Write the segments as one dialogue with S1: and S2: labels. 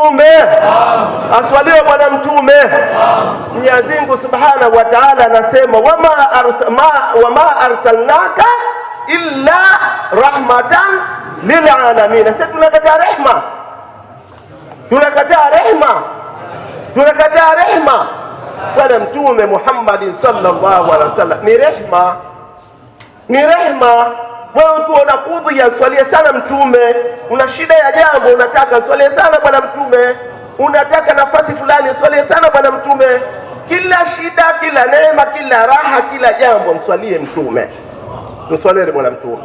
S1: Mtume aswaliwe Bwana Mtume. Mwenyezi Mungu Subhanahu wa Ta'ala anasema wama arsa, wama arsalnaka illa rahmatan lil alamin. Sasa tunakataa rehma, tunakataa rehma, tunakataa rehma. Bwana Mtume Muhammad sallallahu alaihi wasallam ni rehma, ni rehma wewe tu unakudhia, swalie sana Mtume. Una shida ya jambo, unataka swalie sana bwana Mtume. Unataka nafasi fulani, swalie sana bwana Mtume. Kila shida, kila neema, kila raha, kila jambo, mswalie Mtume, mswalie bwana Mtume.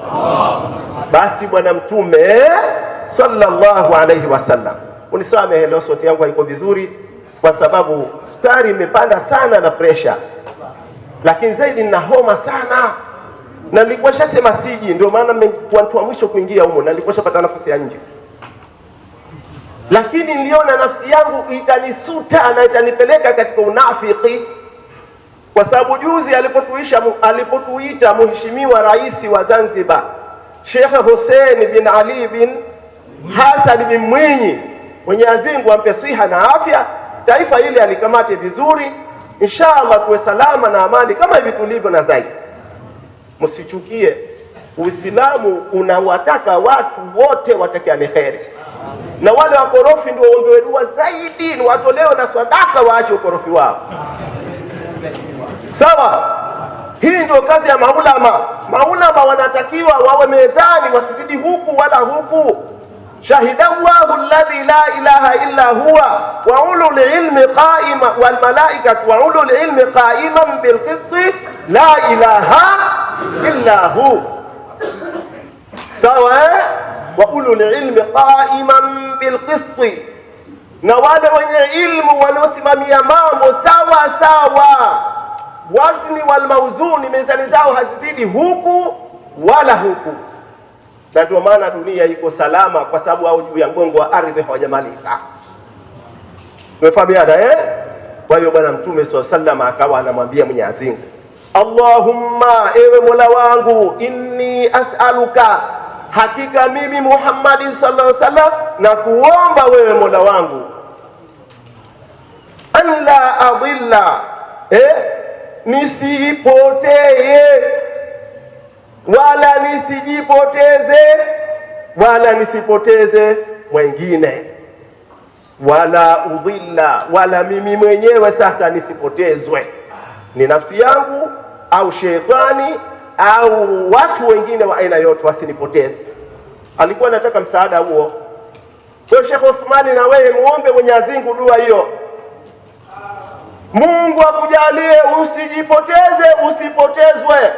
S1: Basi bwana Mtume sallallahu alaihi wasallam, unisamehe leo sauti yangu haiko vizuri, kwa sababu sukari imepanda sana na presha, lakini zaidi nina homa sana na nilikuwa shasema siji, ndio maana mmekuwa mtu wa mwisho kuingia humo, na nilikuwa shapata nafasi ya nje, lakini niliona nafsi yangu itanisuta na itanipeleka katika unafiki, kwa sababu juzi alipotuisha alipotuita Mheshimiwa Rais wa Zanzibar Sheikh Hussein bin Ali bin Hassan bin Mwinyi, Mwenyezi Mungu ampe siha na afya, taifa hili alikamate vizuri, inshallah tuwe salama na amani kama hivi tulivyo na zaidi Msichukie, Uislamu unawataka watu wote watakiane kheri, na wale wakorofi ndio waombewe dua zaidi, ni watolewe na sadaka, waache ukorofi wao. Sawa, hii ndio kazi ya maulama. Maulama wanatakiwa wawe mezani, wasizidi huku wala huku. Shahida llahu alladhi la ilaha illa huwa wa ulul ilmi qaima wal malaikatu wa ulul ilmi qaiman bil qisti la ilaha illa hu sawa eh? wa ulul ilmi qaiman bil na wale wenye ilmu waliosimamia mambo sawa sawa, wazni walmauzuni mauzuni, mizani zao hazizidi huku wala huku. Na ndio maana dunia iko salama, kwa sababu hao juu ya mgongo wa ardhi hawajamaliza. Tumefahamiana eh? Kwa hiyo Bwana Mtume swalla sallam akawa anamwambia Mwenyezi Allahumma, ewe Mola wangu, inni as'aluka, hakika mimi Muhammadi sallallahu alaihi wasallam na kuomba wewe Mola wangu, an la adilla, eh, nisipotee wala nisijipoteze wala nisipoteze mwengine wala udhilla, wala mimi mwenyewe sasa nisipotezwe, ni nafsi yangu au sheitani au watu wengine wa aina yote wasinipoteze. Alikuwa anataka msaada huo. Kwa Sheikh Uthmani, na wewe muombe Mwenyezi Mungu dua hiyo, Mungu akujalie usijipoteze, usipotezwe,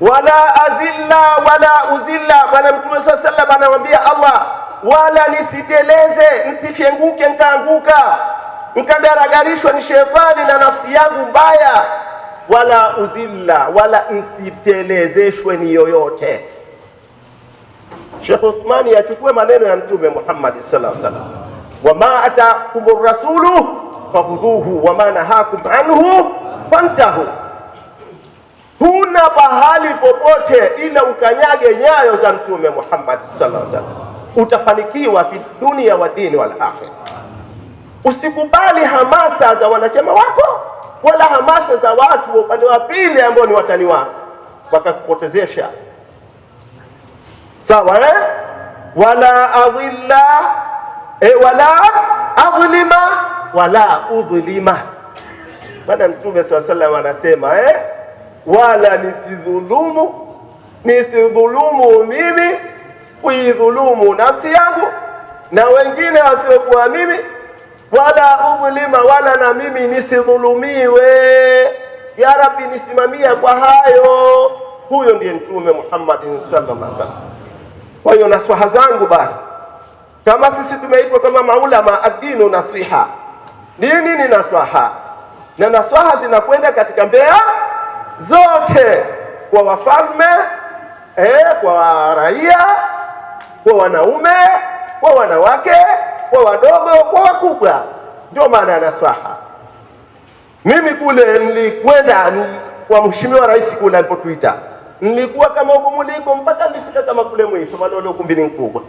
S1: wala azilla wala uzilla. Bwana Mtume swalla sallam anamwambia Allah, wala nisiteleze, nsifyenguke nkaanguka, nkagaragharishwa ni shetani na nafsi yangu mbaya wala uzilla wala isitelezeshwe ni yoyote. Sheikh Uthmani yachukue maneno ya Mtume Muhammad sallallahu alaihi wasallam, wama atakum rasulu fahudhuhu wama nahakum anhu fantahu. Huna pahali popote ila ukanyage nyayo za Mtume Muhammad sallallahu alaihi wasallam, utafanikiwa fi dunia wa dini wal akhirah. Usikubali hamasa za wanachama wako wala hamasa za watu wa upande wa pili ambao ni watani wako, wakakupotezesha. Sawa eh? wala adhilla eh, wala adhlima wala udhlima. Bwana Mtume sallallahu salam wasallam anasema eh, wala nisidhulumu nisidhulumu mimi kuidhulumu nafsi yangu na wengine wasiokuwa mimi wala udhulima, wala na mimi nisidhulumiwe. Ya Rabbi, nisimamia kwa hayo. Huyo ndiye Mtume Muhammadin sallallahu alaihi wasallam. Kwa hiyo naswaha zangu basi, kama sisi tumeitwa kama maulama, adinu nasiha. nini ni naswaha, na naswaha zinakwenda katika mbea zote, kwa wafalme eh, kwa raia, kwa wanaume, kwa wanawake kwa wadogo kwa wakubwa. Ndio maana ya nasaha. Mimi kule nilikwenda kwa mheshimiwa rais kule alipotuita, nilikuwa kama huko mliko mpaka nilifika kama kule mwisho, maana ndio ni mkubwa.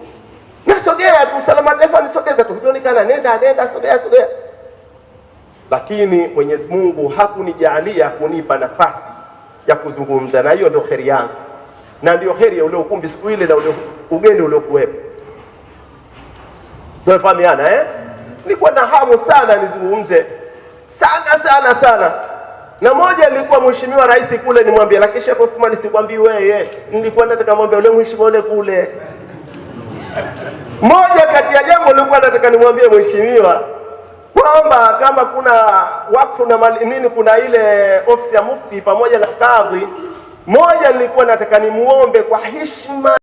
S1: Nasogea tu salama defa nisogeza tu, nionekana nenda nenda, sogea sogea, lakini Mwenyezi Mungu hakunijalia kunipa nafasi ya kuzungumza, na hiyo ndio kheri yangu na ndio kheri ya ule ukumbi siku ile na ule ugeni uliokuwepo. Tunafahamiana eh? Nilikuwa na hamu sana nizungumze sana sana sana, na moja nilikuwa mheshimiwa rais kule nimwambie, lakini Sheikh Othman sikwambii wewe, nilikuwa nataka mwambie ule mheshimiwa ule kule. Moja kati ya jambo nilikuwa nataka nimwambie mheshimiwa kwamba kama kuna wakfu na mali nini, kuna ile ofisi ya mufti pamoja na kadhi, moja nilikuwa nataka nimuombe kwa heshima